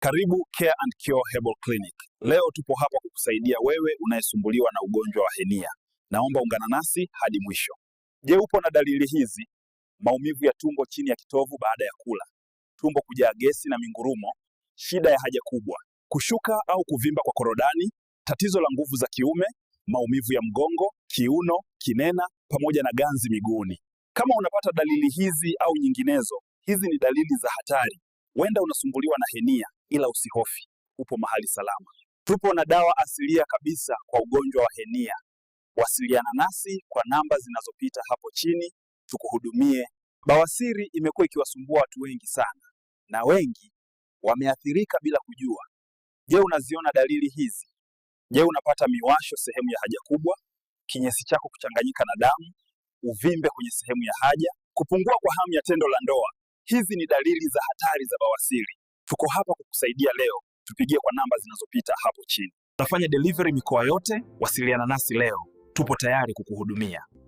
Karibu Care and Cure Herbal Clinic. Leo tupo hapa kukusaidia wewe unayesumbuliwa na ugonjwa wa henia. Naomba ungana nasi hadi mwisho. Je, upo na dalili hizi? Maumivu ya tumbo chini ya kitovu baada ya kula, tumbo kujaa gesi na mingurumo, shida ya haja kubwa, kushuka au kuvimba kwa korodani, tatizo la nguvu za kiume, maumivu ya mgongo, kiuno, kinena pamoja na ganzi miguuni. Kama unapata dalili hizi au nyinginezo, hizi ni dalili za hatari. Huenda unasumbuliwa na henia ila usihofi, upo mahali salama. Tupo na dawa asilia kabisa kwa ugonjwa wa henia. Wasiliana nasi kwa namba zinazopita hapo chini tukuhudumie. Bawasiri imekuwa ikiwasumbua watu wengi sana na wengi wameathirika bila kujua. Je, unaziona dalili hizi? Je, unapata miwasho sehemu ya haja kubwa, kinyesi chako kuchanganyika na damu, uvimbe kwenye sehemu ya haja, kupungua kwa hamu ya tendo la ndoa? Hizi ni dalili za hatari za bawasiri. Tuko hapa kukusaidia leo, tupigie kwa namba zinazopita hapo chini. Tunafanya delivery mikoa yote, wasiliana nasi leo, tupo tayari kukuhudumia.